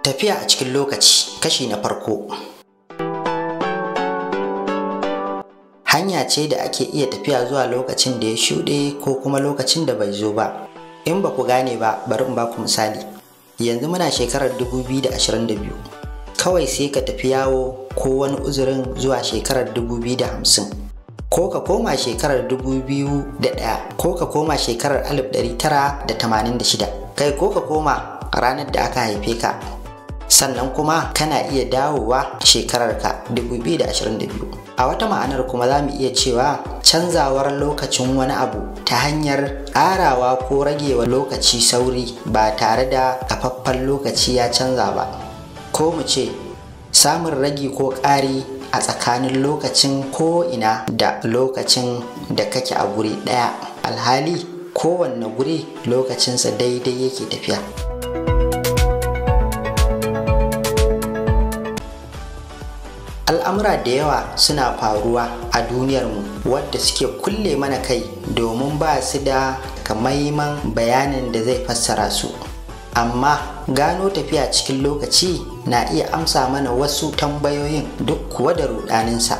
Tafiya a cikin lokaci kashi na farko. Hanya ce da ake iya tafiya zuwa lokacin da ya shuɗe ko kuma lokacin da bai zo ba. In ba ku gane ba, bari in baku misali. Yanzu muna shekarar 2022. Kawai sai ka tafi yawo ko wani uzurin zuwa shekarar 2050. Ko ka koma shekarar 2001 ko ka koma shekarar 1986. Kai ko ka koma ranar da aka haife ka sannan kuma kana iya dawowa shekarar shekararka 2022 a wata ma'anar kuma za mu iya cewa canzawar lokacin wani abu ta hanyar ƙarawa ko ragewa lokaci sauri ba tare da kafaffen lokaci ya canza ba ko mu ce samun ragi ko ƙari a tsakanin lokacin ko ina da lokacin da kake a guri ɗaya alhali kowanne guri lokacinsa daidai yake tafiya. al'amura da yawa suna faruwa a duniyarmu wadda suke kulle mana kai domin ba su da kamaiman bayanin da zai fassara su amma gano tafiya cikin lokaci na iya amsa mana wasu tambayoyin duk kuwa da rudaninsa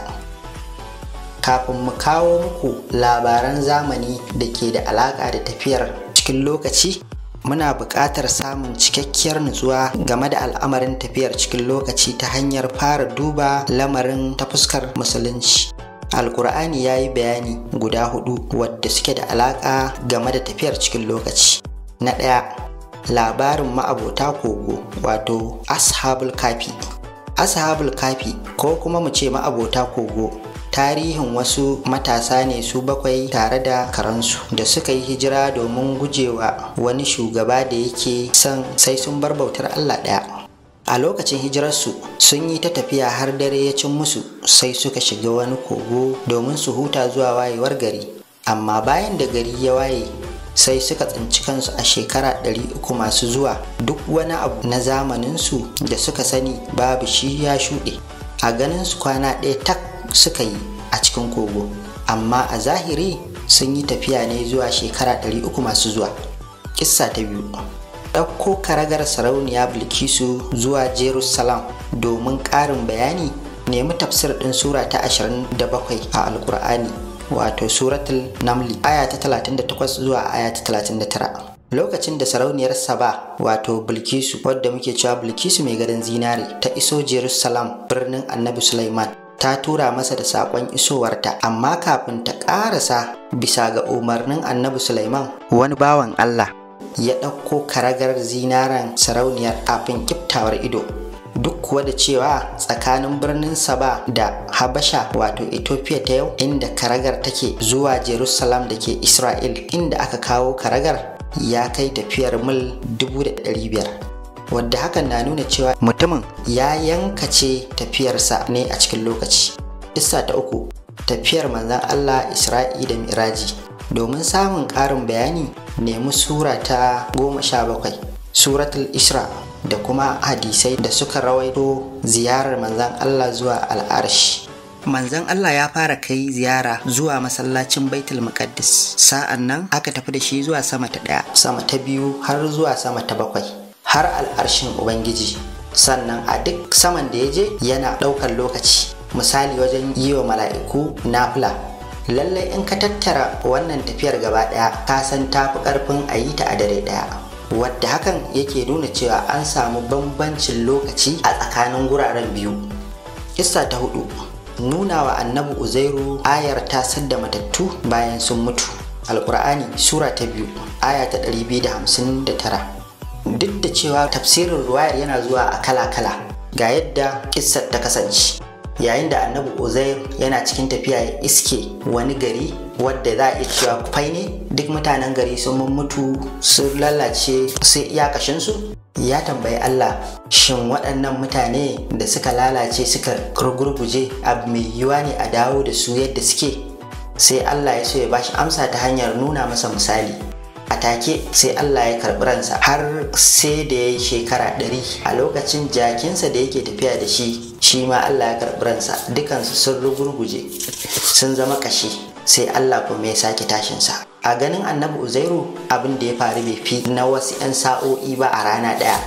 kafin mu kawo muku labaran zamani da ke da alaƙa da tafiyar cikin lokaci muna buƙatar samun cikakkiyar nutsuwa game da al'amarin tafiyar cikin lokaci ta hanyar fara duba lamarin ta fuskar musulunci alkur'ani ya yi bayani guda hudu wadda suke da alaƙa game da tafiyar cikin lokaci na ɗaya labarin ma'abota kogo wato ashabul kafi ashabul kafi ko kuma mu ce ma'abota kogo tarihin wasu matasa ne su bakwai tare da karansu da suka yi hijira domin gujewa wani shugaba da yake son sai sun bar bautar Allah ɗaya. A lokacin hijirarsu sun yi ta tafiya har dare ya cin musu sai suka shiga wani kogo domin su huta zuwa wayewar gari. Amma bayan da gari ya waye sai suka tsinci kansu a shekara ɗari uku masu zuwa duk wani abu na zamaninsu da suka sani babu shi ya shuɗe. A ganin su kwana ɗaya tak suka yi a cikin kogo amma a zahiri sun yi tafiya ne zuwa shekara 300 masu zuwa kissa ta biyu ɗauko karagar sarauniya bilkisu zuwa jerusalem domin ƙarin bayani nemi tafsir ɗin sura ta 27 a alkur'ani wato suratul namli aya ta 38 zuwa aya ta 39 lokacin da sarauniyar saba wato bilkisu wadda muke cewa bilkisu mai gadon zinare ta iso jerusalem birnin annabi sulaiman ta tura masa da saƙon isowarta amma kafin ta ƙarasa bisa ga umarnin annabi Sulaiman wani bawan Allah ya ɗauko karagar zinaren sarauniyar afin kiftawar ido duk kuwa da cewa tsakanin birnin Saba da Habasha wato Ethiopia ta yau inda karagar take zuwa Jerusalem da ke Isra'il inda aka kawo karagar ya kai tafiyar mil 500 wadda hakan na nuna cewa mutumin ya yankace tafiyarsa ne a cikin lokaci Issa ta uku tafiyar manzan Allah Isra'i da Miraji domin samun ƙarin bayani nemi sura ta goma sha bakwai suratul Isra da kuma hadisai da suka rawaito ziyarar manzan Allah zuwa al'arshi Manzan Allah ya fara kai ziyara zuwa masallacin Baitul Muqaddis sa'an nan aka tafi da shi zuwa sama ta ɗaya sama ta biyu har zuwa sama ta bakwai har al'arshin ubangiji sannan a duk saman da ya je yana ɗaukar lokaci misali wajen yi wa mala'iku nafila lallai in ka tattara wannan tafiyar gaba ɗaya ka san tafi ƙarfin a yi ta a dare ɗaya wadda hakan yake nuna cewa an samu bambancin lokaci a tsakanin guraren biyu Issa ta hudu nuna wa annabi uzairu ayar ta da matattu bayan sun mutu Alƙur'ani sura ta biyu aya ta 259 duk da cewa tafsirin ruwayar yana zuwa a kala-kala ga yadda kissar ta kasance yayin da annabi ozai yana cikin tafiya ya iske wani gari wadda za a iya cewa kufai ne duk mutanen gari sun mutu sun lalace sai iyakashinsu ya tambayi Allah shin waɗannan mutane da suka lalace suka gurguje abu mai yiwuwa ne a dawo da su yadda suke sai Allah ya so ya bashi amsa ta hanyar nuna masa misali a take sai Allah ya karɓi ransa har sai da ya yi shekara ɗari a lokacin jakinsa da yake tafiya da shi shi ma Allah ya karɓi ransa dukansu sun rugurguje sun zama ƙashi sai Allah kuma ya sake tashinsa a ganin annabi uzairu abin da ya faru bai fi na wasu 'yan sa'o'i ba a rana ɗaya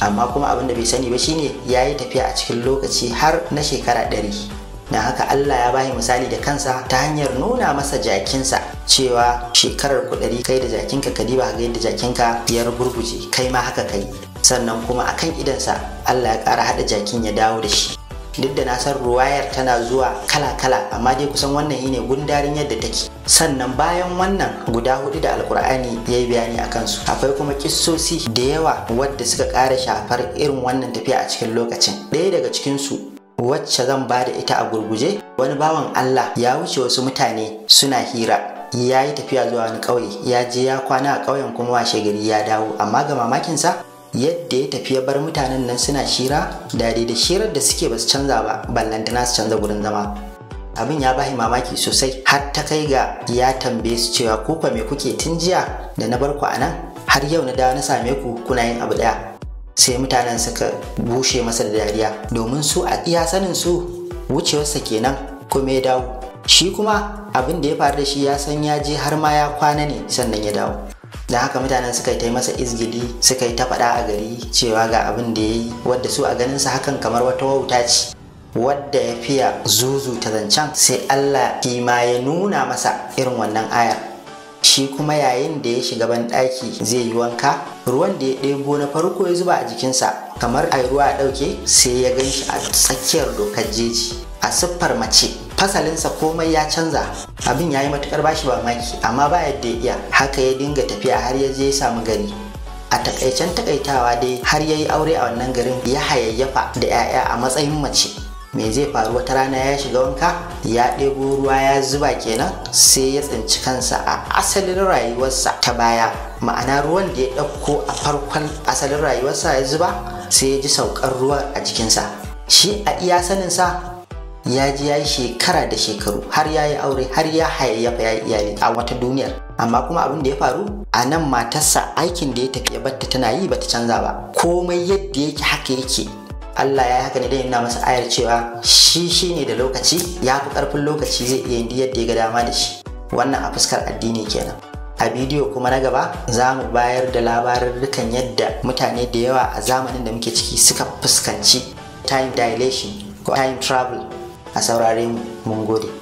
amma kuma abin da bai sani ba shine ya yi tafiya a cikin lokaci har na shekara ɗari da haka Allah ya bayi misali da kansa ta hanyar nuna masa jakinsa cewa shekarar kuɗari kai da jakinka ka diba ga yadda jakinka ya rugurguje kai ma haka kai sannan kuma akan idansa Allah ya ƙara haɗa jakin ya dawo da shi duk da na san ruwayar tana zuwa kala-kala amma dai kusan wannan shine gundarin yadda take sannan bayan wannan guda hudu da alkur'ani ya yi bayani a kansu akwai kuma kissosi da yawa wadda suka ƙara shafar irin wannan tafiya a cikin lokacin ɗaya daga cikinsu wacce zan ba da ita a gurguje wani bawan Allah ya wuce wasu mutane suna hira ya yi tafiya zuwa wani ƙauye ya je ya kwana a ƙauyen kuma washe gari ya dawo amma ga mamakinsa yadda ya tafi ya bar mutanen nan suna shira da da shirar da suke basu canza ba ballantana su canza gurin zama abin ya bahi mamaki sosai har ta kai ga ya tambaye su cewa kuka kwa me kuke tun jiya da na bar ku a nan har yau na dawo na same ku kuna yin abu ɗaya. sai mutanen suka bushe masa da dariya domin su a iya sanin su wucewarsa kenan kuma ya dawo shi kuma abin da ya faru da shi ya san ya je har ma ya kwana ne sannan ya dawo da haka mutanen suka yi ta masa izgili suka yi ta faɗa a gari cewa ga abin da ya yi wadda su a ganin sa hakan kamar wata wauta ce wadda ya fiya zuzu ta zancen sai Allah kima ya nuna masa irin wannan ayar shi kuma yayin da ya shiga banɗaki zai yi wanka ruwan da ya ɗebo na farko ya zuba a jikinsa kamar a ruwa a ɗauke sai ya gan shi a tsakiyar dokar jeji a siffar mace fasalinsa komai ya canza abin ya yi matuƙar bashi mamaki amma ba yadda ya iya haka ya dinga tafiya har ya je ya samu gari a takaicen takaitawa dai har ya yi aure a wannan garin ya hayayyafa da 'ya'ya a matsayin mace me zai faru wata rana ya shiga wanka ya ɗebo ruwa ya zuba kenan sai ya tsinci kansa a asalin rayuwarsa ta baya ma'ana ruwan da ya ɗauko a farkon asalin rayuwarsa ya zuba sai ya ji saukar ruwa a jikinsa shi a iya saninsa ya ji ya yi shekara da shekaru har ya yi aure har ya hayayyafa ya yi iyali a wata duniyar amma kuma abin da ya faru a nan matarsa aikin da ya tafi ya batta tana yi bata canza ba komai yadda yake haka yake Allah ya haka ne dai nuna masa ayar cewa shi shi ne da lokaci ya fi ƙarfin lokaci zai iya yin yadda ya ga dama da shi wannan a fuskar addini kenan a bidiyo kuma na gaba za mu bayar da labarin dukan yadda mutane da yawa a zamanin da muke ciki suka fuskanci time dilation ko time travel a saurare mu mun gode